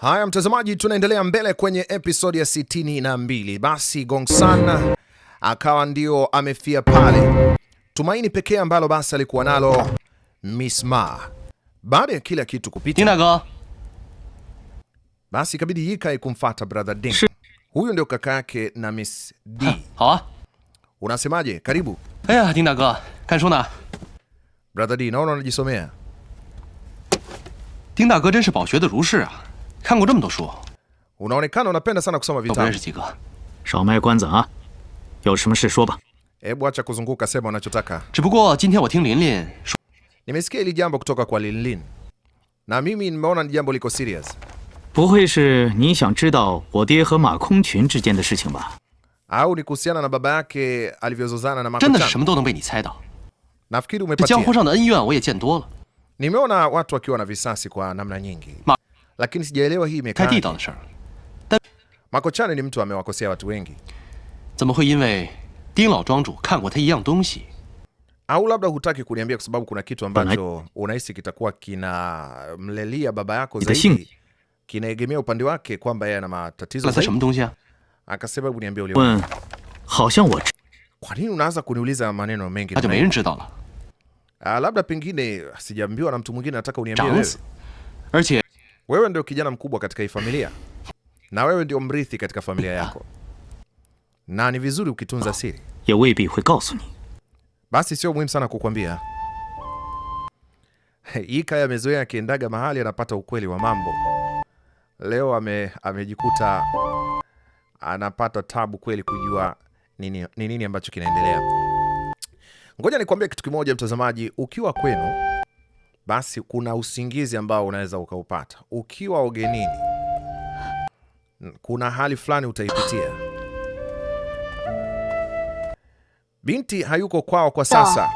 Haya mtazamaji, tunaendelea mbele kwenye episodi ya sitini na mbili. Basi Gongsan akawa ndio amefia pale. Tumaini pekee ambalo basi alikuwa nalo Miss Ma. Baada ya kila kitu kupita, basi ikabidi Ye Kai kumfuata brother Ding. Huyu ndio kaka yake na Miss D. Unasemaje? Karibu. Eh, brother D, naona unajisomea. 看过这么多书，unaonekana unapenda sana kusoma 都不认 vitabu. 识几个，少卖关子啊！有什么事说吧。Hebu acha kuzunguka, sema unachotaka. 只不过今天我听琳琳说，Nimesikia hili jambo kutoka kwa Linlin na mimi nimeona ni jambo liko serious. 不会是你想知道我爹和马空群之间的事情吧？Au ni kuhusiana na baba yake alivyozozana na 真 Mako 的是 Chan? 什么都能被你猜到。Nafikiri 这江湖 umepatia. 上的恩怨我也见多了，Nimeona watu wakiwa na visasi kwa namna nyingi. Ma- lakini sijaelewa hii imekaa. Makochane ni mtu amewakosea watu wengi. Au labda hutaki kuniambia kwa sababu kuna kitu ambacho unahisi kitakuwa kinamlelia baba yako zaidi, kinaegemea upande wake kwamba yeye ana matatizo Akasema hebu niambie ule. Kwa nini unaanza kuniuliza maneno mengi? Ah, labda pengine sijaambiwa na mtu mwingine, nataka uniambie wewe. Wewe ndio kijana mkubwa katika hii familia na wewe ndio mrithi katika familia yako, na ni vizuri ukitunza siri. Basi sio muhimu sana kukwambia. Ikaya amezoea akiendaga mahali anapata ukweli wa mambo. Leo ame, amejikuta anapata tabu kweli kujua ni nini, nini ambacho kinaendelea. Ngoja nikwambie kitu kimoja mtazamaji, ukiwa kwenu basi kuna usingizi ambao unaweza ukaupata ukiwa ugenini. Kuna hali fulani utaipitia. Binti hayuko kwao kwa sasa.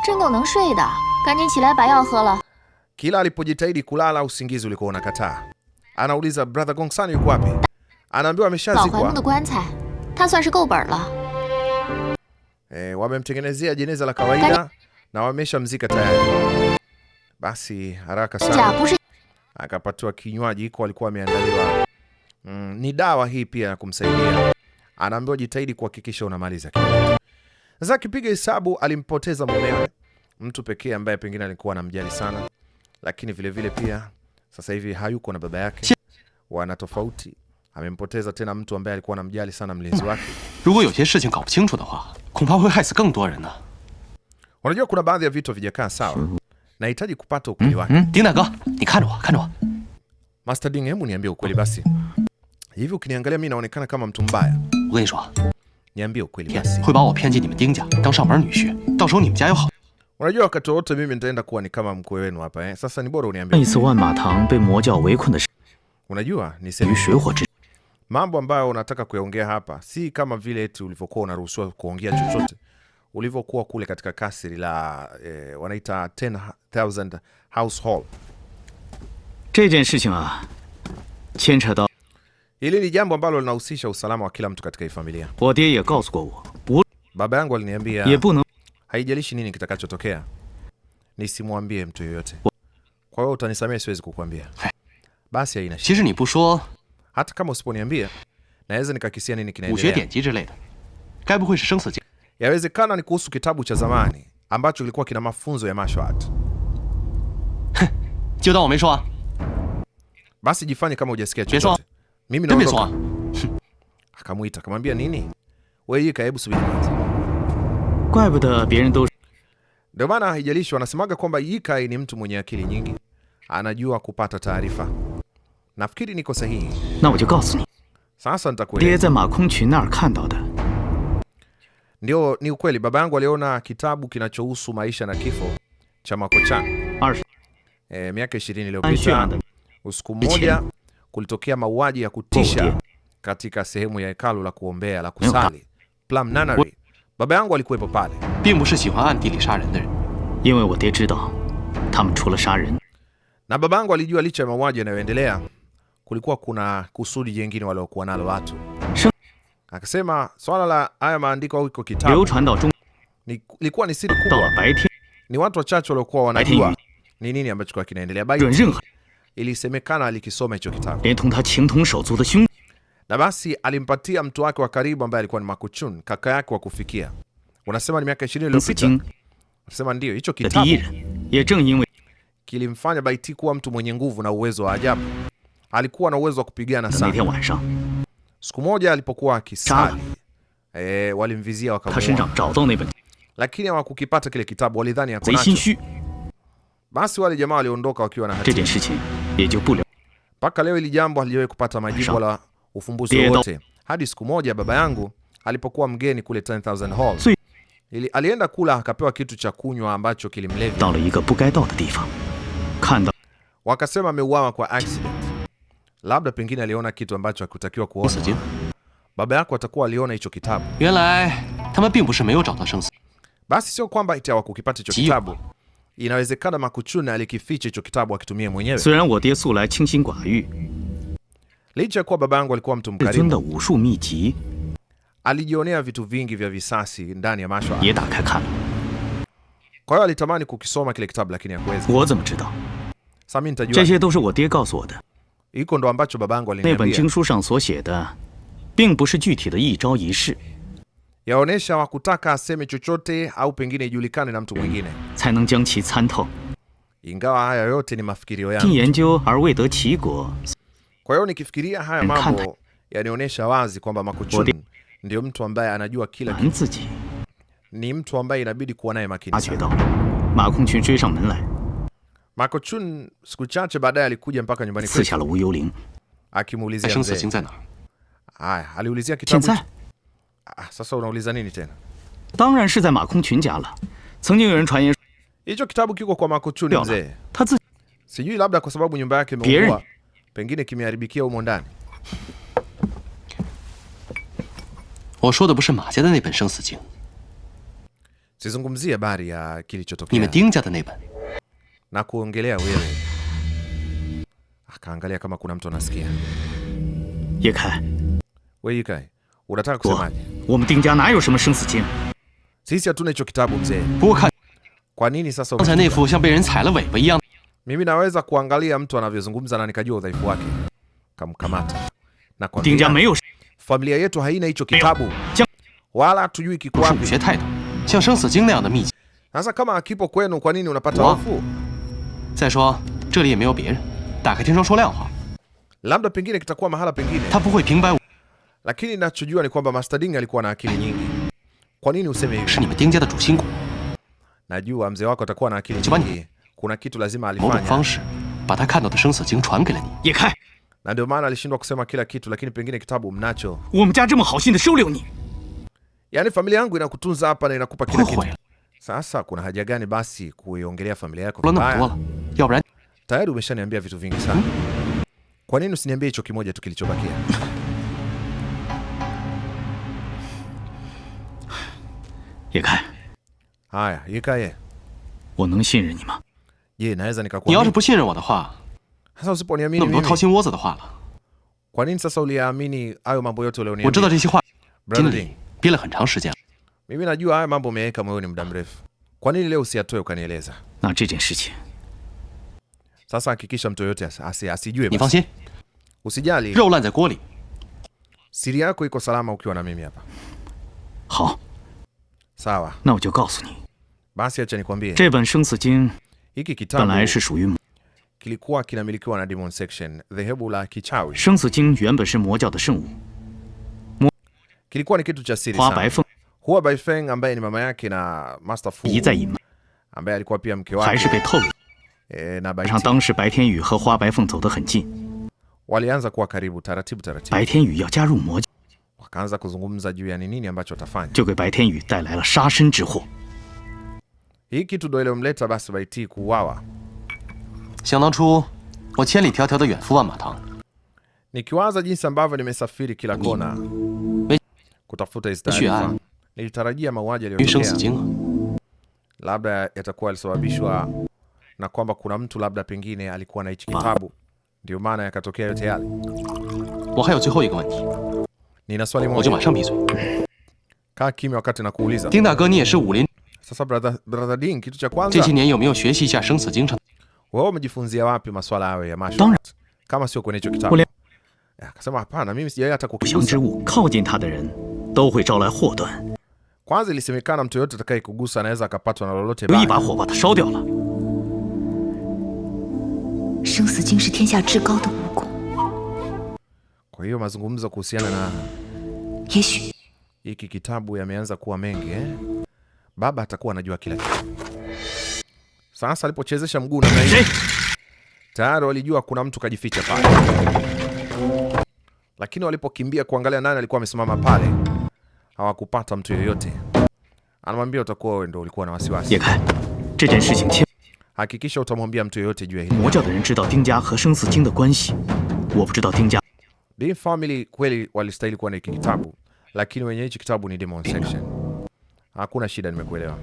Kila alipojitahidi kulala, usingizi ulikuwa unakataa. Anauliza brother Gongsan yuko wapi? Anaambiwa ameshazikwa. wamemtengenezea jeneza la kawaida na wameshamzika tayari. Basi haraka sana akapatiwa kinywaji iko alikuwa ameandaliwa. Mm, ni dawa hii pia ya kumsaidia. Anaambiwa jitahidi kuhakikisha unamaliza. Sasa akipiga hesabu alimpoteza mumewe, mtu pekee ambaye pengine alikuwa anamjali sana, lakini vile vile pia sasa hivi hayuko na baba yake, wana tofauti. Amempoteza tena mtu ambaye alikuwa anamjali sana, mlinzi wake. Unajua kuna baadhi ya vitu vijakaa sawa Nahitaji kupata ukweli wake. Mm, mm. Dago, nikano, kano. Master Ding, hebu niambie ukweli basi. Hivi ukiniangalia mimi naonekana kama mtu mbaya? Niambie ukweli basi. bao ni ni mdingja, Dao mjia yao. Unajua wakati wote mimi nitaenda kuwa ni kama mkwe wenu hapa eh. Sasa ni bora uniambie. Ni suan ma tang mo jiao wei kun de. Unajua ni sehemu mambo ambayo unataka kuyaongea hapa si kama vile eti ulivyokuwa unaruhusiwa kuongea chochote ulivyokuwa kule katika kasri la eh, wanaita 10000 household. Hili ni jambo ambalo linahusisha usalama wa kila mtu katika hii familia. Baba yangu aliniambia haijalishi nini kitakachotokea nisimwambie mtu yoyote. Kwa hiyo utanisamehe, siwezi kukuambia. Basi haina shida. Hata kama usiponiambia naweza nikakisia nini kinaendelea. Yawezekana ni kuhusu kitabu cha zamani ambacho kilikuwa kina mafunzo ya martial art. Basi jifanye kama hujasikia chochote. Mimi naondoka. Akamuita, akamwambia nini? Wewe hii kaibu subiri kwanza. Ndio maana haijalishi wanasemaga kwamba Yikai ni mtu mwenye akili nyingi, anajua kupata taarifa. Nafikiri niko sahihi. Sasa nitakueleza. Ndio, ni ukweli. Baba yangu aliona kitabu kinachohusu maisha na kifo cha makocha e, miaka 20 iliyopita. Usiku mmoja kulitokea mauaji ya kutisha katika sehemu ya hekalu la kuombea la kusali Plum Nunnery. Baba yangu alikuwepo pale. Na baba yangu alijua licha ya mauaji yanayoendelea kulikuwa kuna kusudi jingine waliokuwa nalo watu akasema swala la haya maandiko au iko kitabu ilikuwa ni siri kubwa, ni watu wachache waliokuwa wanajua ni nini ambacho kwa kinaendelea. Bai ilisemekana alikisoma hicho kitabu, na basi alimpatia mtu wake wa karibu ambaye alikuwa ni Makuchun, kaka yake wa kufikia. Unasema ni miaka 20 iliyopita, unasema ndio hicho kitabu kilimfanya Baiti kuwa mtu mwenye nguvu na uwezo wa ajabu. Alikuwa na uwezo wa kupigana sana. Siku moja alipokuwa akisali e, walimvizia wakamuona, lakini hawakukipata kile kitabu, walidhani ako nacho. Basi wale jamaa waliondoka wakiwa na hatia. Mpaka leo hili jambo halijawahi kupata majibu wala ufumbuzi wowote, hadi siku moja baba yangu alipokuwa mgeni kule 10000 Hall ili alienda kula akapewa kitu cha kunywa ambacho kilimlevya, wakasema ameuawa kwa accident. Labda pengine aliona kitu ambacho hakutakiwa kuona. Baba yako atakuwa aliona hicho kitabu. Basi sio kwamba eti hawakukipata hicho kitabu. Inawezekana Makuchune alikificha hicho kitabu akitumia mwenyewe. Licha ya kuwa baba yangu alikuwa mtu mkarimu, alijionea vitu vingi vya visasi ndani ya mashwa. Kwa hiyo alitamani kukisoma kile kitabu lakini hakuweza. Sasa mimi nitajua. Iko ndo ambacho babangu aliniambia. Yaonesha wakutaka aseme chochote au pengine ijulikane na mtu mwingine. Ingawa haya yote ni mafikirio yangu. Kwa hiyo nikifikiria haya mambo yanaonyesha wazi kwamba Ma Kongqun ndio mtu ambaye anajua kila kitu. Ni mtu ambaye inabidi kuwa naye makini. Marco Chun siku chache baadaye alikuja mpaka nyumbani kwetu akimuulizia mzee. Aya, aliulizia kitabu. Ah, sasa unauliza nini tena? Hicho kitabu kiko kwa Marco Chun mzee. Sijui labda kwa sababu nyumba yake imeungua, pengine kimeharibikia humo ndani. Sizungumzie habari ya kilichotokea na kuongelea wewe. Akaangalia kama kuna mtu anasikia. Yekai. Wewe Yekai, unataka kusemaje? Sisi hatuna hicho kitabu mzee. Kwa nini sasa? Mimi naweza kuangalia mtu anavyozungumza na nikajua udhaifu wake. Kamkamata. Na kwa familia yetu haina hicho kitabu. Wala tujui kiko wapi. Sasa kama akipo kwenu, kwa nini unapata hofu? 再说这里也没有别人，打开天窗说亮话。Labda pengine kitakuwa mahala pengine. Lakini ninachojua ni kwamba Master Ding alikuwa na akili nyingi. Kwa nini useme hivyo? Najua mzee wako atakuwa na akili nyingi. Kuna kitu lazima alifanya. Na ndio maana alishindwa kusema kila kitu, lakini pengine kitabu mnacho. Yaani familia yangu inakutunza hapa na inakupa kila kitu. Sasa kuna haja gani basi kuiongelea familia yako vibaya? Tayari umeshaniambia vitu vingi sana. Kwa nini usiniambie hicho kimoja tu kilichobakia? Haya, Yekae. Je, naweza nikakuamini? Sasa Kwa nini sasa uliamini hayo mambo yote ulioniambia? Mimi najua haya mambo umeweka moyoni muda mrefu. Kwa nini leo usiyatoe ukanieleza? Sasa hakikisha mtu yoyote asijue basi. Usijali. Siri yako iko salama ukiwa na mimi hapa. Sawa. na ni, Basi acha nikwambie. Hiki kitabu shi shuyu kilikuwa kinamilikiwa na Demon Section, dhehebu la kichawi. shi mo jiao de Kilikuwa ni kitu cha siri sana. Hua Baifeng ambaye ni mama yake na Master Fu ambaye alikuwa pia mke wake. 好像当时白天雨和花白凤走得很近，白天雨要加入魔教，就给白天雨带来了杀身之祸。想当初，我千里迢迢的远赴万马堂，血案，女生死惊了。na kwamba kuna mtu labda pengine alikuwa na hichi kitabu, ndio maana yakatokea yote yale. Nina swali moja. Kaa kimya wakati nakuuliza. Sasa brother, brother Ding, kitu cha kwanza, wewe umejifunzia wapi masuala hayo ya martial arts kama sio kwenye hicho kitabu? Akasema ah, hapana, mimi sijawahi hata kukigusa. Kwanza ilisemekana mtu yote atakayekugusa anaweza akapatwa na lolote baya. 生死竟是天下至高的武功。kwa hiyo mazungumzo kuhusiana na Hiki kitabu yameanza kuwa mengi eh? Baba atakuwa anajua kila kitu. Sasa alipochezesha mguu na nai, tayari walijua kuna mtu kajificha pale, lakini walipokimbia kuangalia nani alikuwa amesimama pale, hawakupata mtu yoyote. Anamwambia utakuwa wewe ndio ulikuwa na wasiwasi hakikisha utamwambia mtu yoyote juu ya hili. Being Family kweli walistahili kuwa na hiki kitabu, lakini wenye hiki kitabu ni Demon Section. Hakuna shida, nimekuelewa.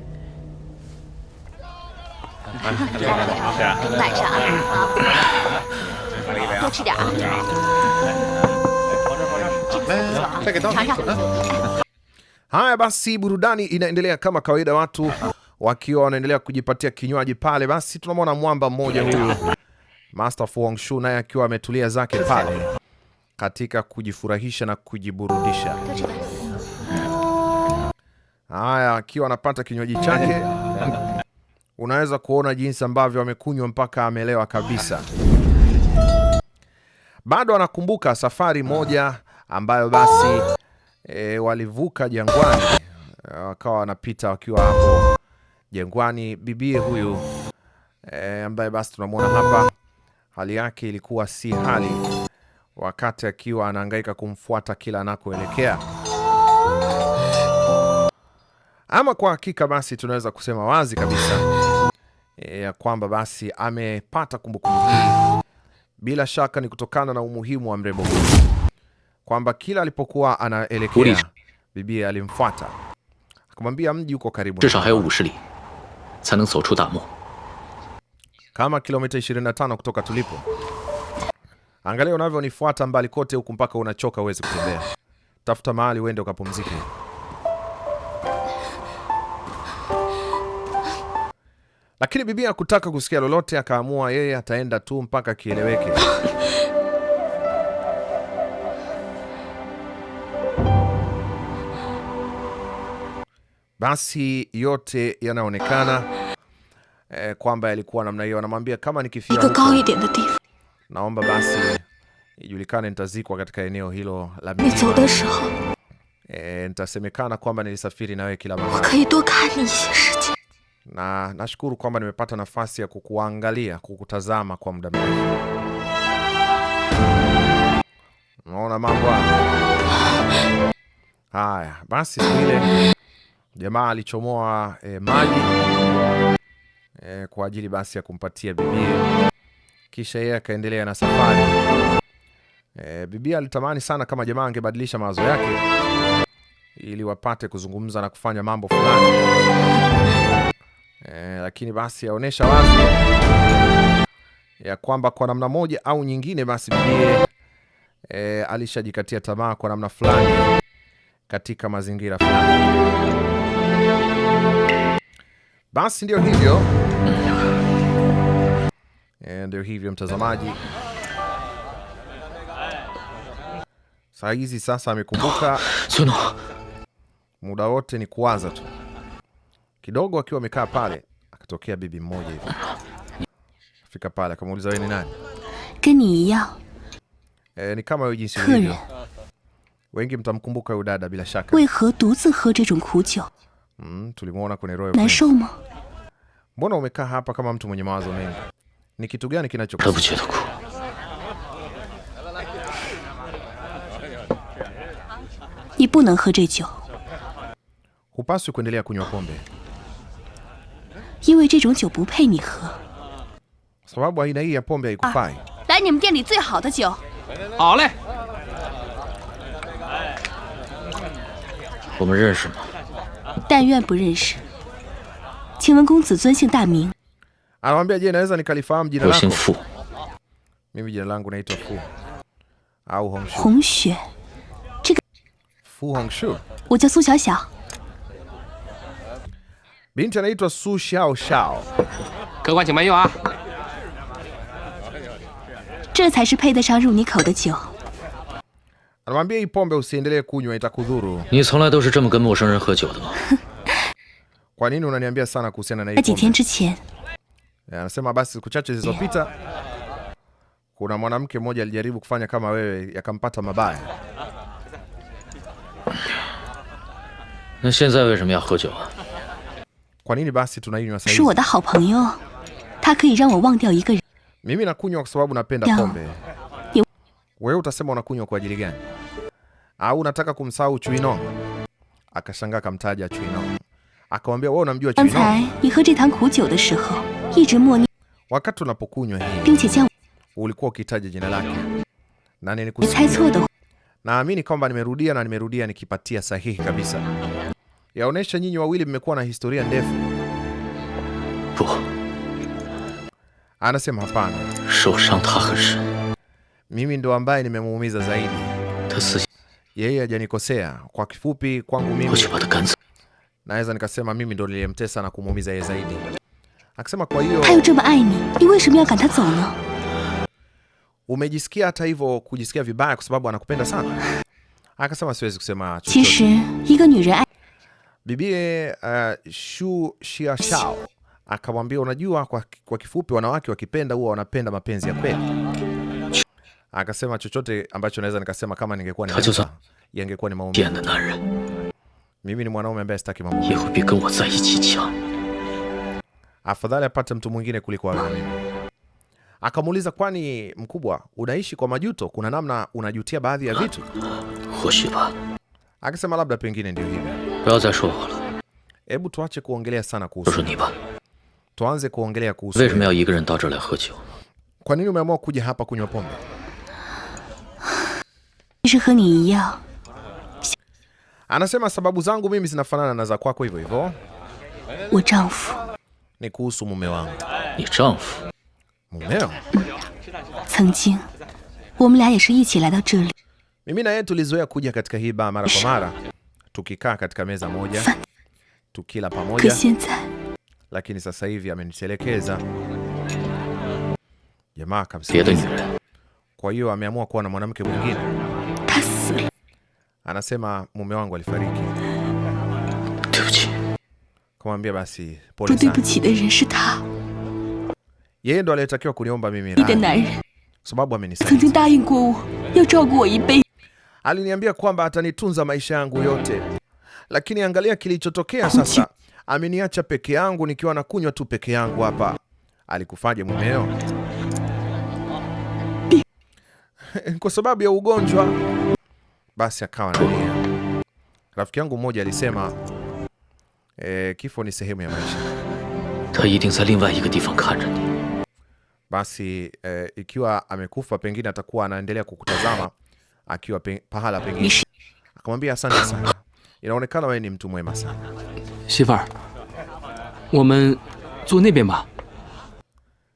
Haya basi, burudani inaendelea kama kawaida watu wakiwa wanaendelea kujipatia kinywaji pale, basi tunamwona mwamba mmoja huyu Master Fu Hongxue naye akiwa ametulia zake pale katika kujifurahisha na kujiburudisha. Haya, akiwa anapata kinywaji chake, unaweza kuona jinsi ambavyo amekunywa mpaka amelewa kabisa. Bado anakumbuka safari moja ambayo basi e, walivuka jangwani, eh, wakawa wanapita wakiwa hapo jangwani. Bibie huyu e, ambaye basi tunamwona hapa, hali yake ilikuwa si hali, wakati akiwa anahangaika kumfuata kila anakoelekea. Ama kwa hakika basi tunaweza kusema wazi kabisa e, ya e, kwamba basi amepata kumbukumbu hii, bila shaka ni kutokana na umuhimu wa mrembo huyu, kwamba kila alipokuwa anaelekea bibi alimfuata akamwambia mji uko karibu. 才能走出大漠。Kama kilomita 25 kutoka tulipo. Angalia unavyonifuata mbali kote huku mpaka unachoka uweze kutembea. Tafuta mahali uende ukapumzike. Lakini bibi hakutaka kusikia lolote, akaamua yeye ataenda tu mpaka kieleweke. Basi yote yanaonekana eh, kwamba yalikuwa namna hiyo. Anamwambia kama nikifia huko, naomba basi ijulikane nitazikwa katika eneo hilo la eh, nitasemekana kwamba nilisafiri nawe kila mahali, na nashukuru kwamba nimepata nafasi ya kukuangalia, kukutazama kwa muda mrefu. Unaona mambo haya. Basi ile Jamaa alichomoa e, maji e, kwa ajili basi ya kumpatia bibie, kisha yeye akaendelea na safari e, bibie alitamani sana kama jamaa angebadilisha mawazo yake ili wapate kuzungumza na kufanya mambo fulani e, lakini basi aonesha wazi ya kwamba kwa namna moja au nyingine basi bibie e, alishajikatia tamaa kwa namna fulani katika mazingira fulani. Basi ndio hivyo, eh, ndio hivyo mtazamaji. Saa hizi sasa amekumbuka, muda wote ni kuwaza tu. Kidogo akiwa amekaa pale, akatokea bibi mmoja hivi, fika pale akamuuliza, wewe ni nani? E, ni kama wewe jinsi ulivyo 为何独自喝这种苦酒？难受吗？我不觉得苦。你不能喝这酒，因为这种酒不配你喝。来，你们店里最好的酒。好嘞。我们认识吗？但愿不认识。请问公子尊姓大名？我姓傅。红雪，这个。我叫苏小小。客官请慢用啊！这才是配得上入你口的酒。Anamwambia hii pombe usiendelee kunywa, itakudhuru. Kwa nini unaniambia sana kuhusiana na hii pombe? Anasema basi siku chache zilizopita kuna mwanamke mmoja alijaribu kufanya kama wewe, yakampata mabaya. Kwa nini basi tunainywa sasa hivi? Mimi nakunywa kwa sababu napenda pombe wewe utasema unakunywa kwa ajili gani? Au unataka kumsahau Chuino? Akashangaa, akamtaja Chuino, akamwambia wewe unamjua Chuino? Wakati unapokunywa hii ulikuwa ukitaja jina lake na nilikusikia. Naamini kwamba nimerudia na nimerudia nikipatia sahihi kabisa. Yaonesha nyinyi wawili mmekuwa na historia ndefu. Anasema hapana mimi ndo ambaye nimemuumiza zaidi, yeye hajanikosea. Kwa kifupi, kwangu mimi naweza nikasema mimi ndo niliyemtesa na kumuumiza yeye zaidi. Akasema kwa hiyo umejisikia hata hivyo kujisikia vibaya kwa sababu anakupenda sana. Akasema siwezi kusema chochote. Bibi uh, Shu Xiaoshao akamwambia, unajua, kwa kifupi, wanawake wakipenda huwa wanapenda mapenzi ya kweli. Akasema chochote ambacho naweza nikasema kama ningekuwa ni yangekuwa ni maumivu. Mimi ni mwanaume ambaye sitaki maumivu. Afadhali apate mtu mwingine kuliko wewe. Akamuuliza, kwani mkubwa, unaishi kwa majuto? Kuna namna unajutia baadhi ya vitu? Akasema, labda pengine ndio hivyo. Hebu tuache kuongelea sana kuhusu tuanze kuongelea kuhusu kwa nini umeamua kuja hapa kunywa pombe? 是和你一样。Anasema sababu zangu mimi zinafanana na za kwako hivyo hivyo. Wa chanfu. Ni kuhusu mume wangu. Ni chanfu. Mimi na yeye tulizoea kuja katika hii baa mara kwa mara, tukikaa katika meza moja, tukila pamoja. Lakini sasa hivi amenitelekeza. Jamaa kabisa. Kwa hiyo ameamua kuwa na mwanamke mwingine. Anasema mume wangu alifariki. Kamwambia basi pole sana. Yeye ndo aliyetakiwa kuniomba mimi sababu amenisaidia. Aliniambia kwamba atanitunza maisha yangu yote, lakini angalia kilichotokea sasa. Ameniacha peke yangu nikiwa na kunywa tu peke yangu hapa. Alikufaje mumeo? Kwa sababu ya ugonjwa basi akawa na nia. Rafiki yangu mmoja alisema e, kifo ni sehemu ya maisha. Basi e, ikiwa amekufa pengine atakuwa anaendelea kukutazama akiwa pe, pahala pengine. Akamwambia asante sana, inaonekana wewe ni mtu mwema sana.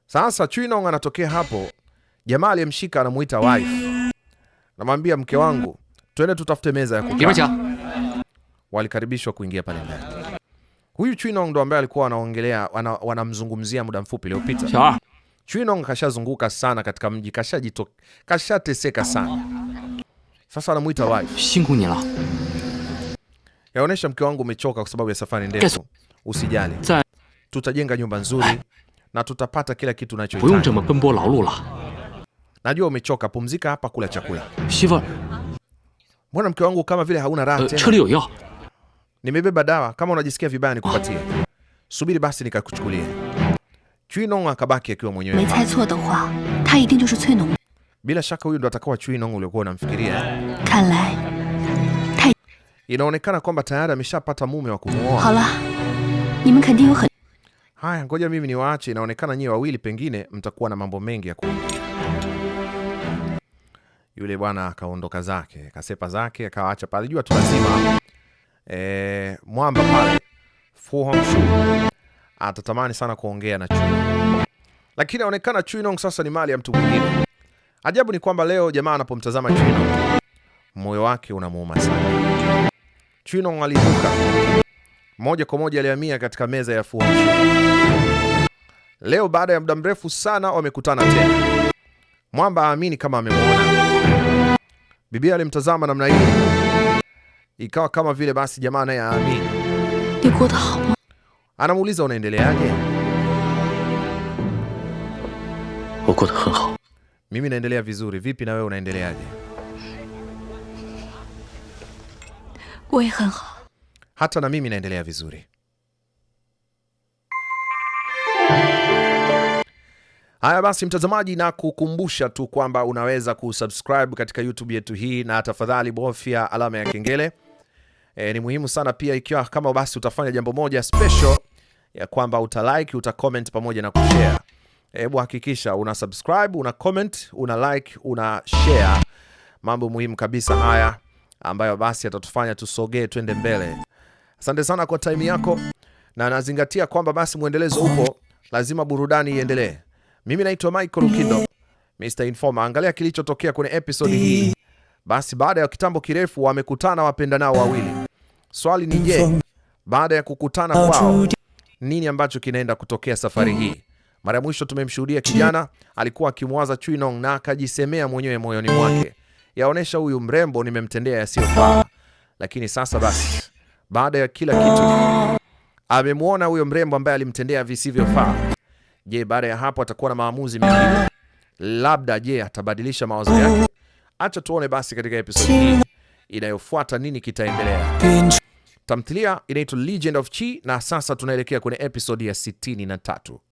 Sasa Chinong anatokea hapo, jamaa aliyemshika anamuita wife, namwambia mke wangu Twende tutafute meza ya mm. kukaa. Walikaribishwa kuingia pale ndani. Huyu Chinong ndo ambaye alikuwa anaongelea wanamzungumzia wana muda mfupi uliopita. Chinong kashazunguka sana katika mji, kashajito kashateseka sana. Sasa anamuita wife. Yaonesha mke wangu umechoka kwa sababu ya safari ndefu. Usijali. Tutajenga nyumba nzuri na tutapata kila kitu unachohitaji. Najua umechoka, pumzika hapa, kula chakula. Shiva. Mbona mke wangu kama vile hauna raha eh, tena? Nimebeba dawa, kama unajisikia vibaya nikupatie. Subiri basi Chui Nong akabaki akiwa mwenyewe. Bila shaka huyu ndo Chui Nong uliokuwa unamfikiria. Inaonekana kwamba tayari ameshapata mume wa kumuoa. Haya, ngoja mimi niwaache, inaonekana nyie wawili pengine mtakuwa na mambo mengi ya kuongea. Yule bwana akaondoka zake akasepa zake akawaacha pale, jua tu lazima e, mwamba pale Fu Hongxue atatamani sana kuongea na Chui, lakini aonekana Chui Nong sasa ni mali ya mtu mwingine. Ajabu ni kwamba leo jamaa anapomtazama Chui Nong moyo wake unamuuma sana. Chui Nong alizuka moja kwa moja, alihamia katika meza ya Fu Hongxue. Leo baada ya muda mrefu sana wamekutana tena. Mwamba aamini kama amemwona Bibia alimtazama namna hiyo, ikawa kama vile basi jamaa naye aamini. Anamuuliza, unaendeleaje? Mimi naendelea vizuri, vipi na wewe unaendeleaje? Hata na mimi naendelea vizuri. Haya basi, mtazamaji, na kukumbusha tu kwamba unaweza kusubscribe katika YouTube yetu hii, na tafadhali bofya alama ya kengele. E, ni muhimu sana pia, ikiwa kama basi utafanya jambo moja special ya kwamba uta like, uta comment pamoja na kushare. Hebu hakikisha una subscribe, una comment, una like, una share, mambo muhimu kabisa haya ambayo basi yatatufanya tusogee, twende mbele. Asante sana kwa time yako, na nazingatia kwamba basi mwendelezo upo, lazima burudani iendelee. Mimi naitwa Michael Lukindo, Mr Informer. Angalia kilichotokea kwenye episode hii. Basi baada ya kitambo kirefu wamekutana wapendanao wawili. Swali ni je, baada ya kukutana kwao nini ambacho kinaenda kutokea safari hii? Mara ya mwisho tumemshuhudia kijana alikuwa akimwaza Chuinong na akajisemea mwenyewe moyoni mwake, yaonesha huyu mrembo nimemtendea yasiyofaa. Lakini sasa basi, baada ya kila kitu amemwona huyo mrembo ambaye alimtendea visivyofaa Je, baada ya hapo atakuwa na maamuzi mengine? Labda je, atabadilisha mawazo yake? Acha tuone basi katika episode hii inayofuata nini kitaendelea. Tamthilia inaitwa Legend of Chi na sasa tunaelekea kwenye episodi ya 63.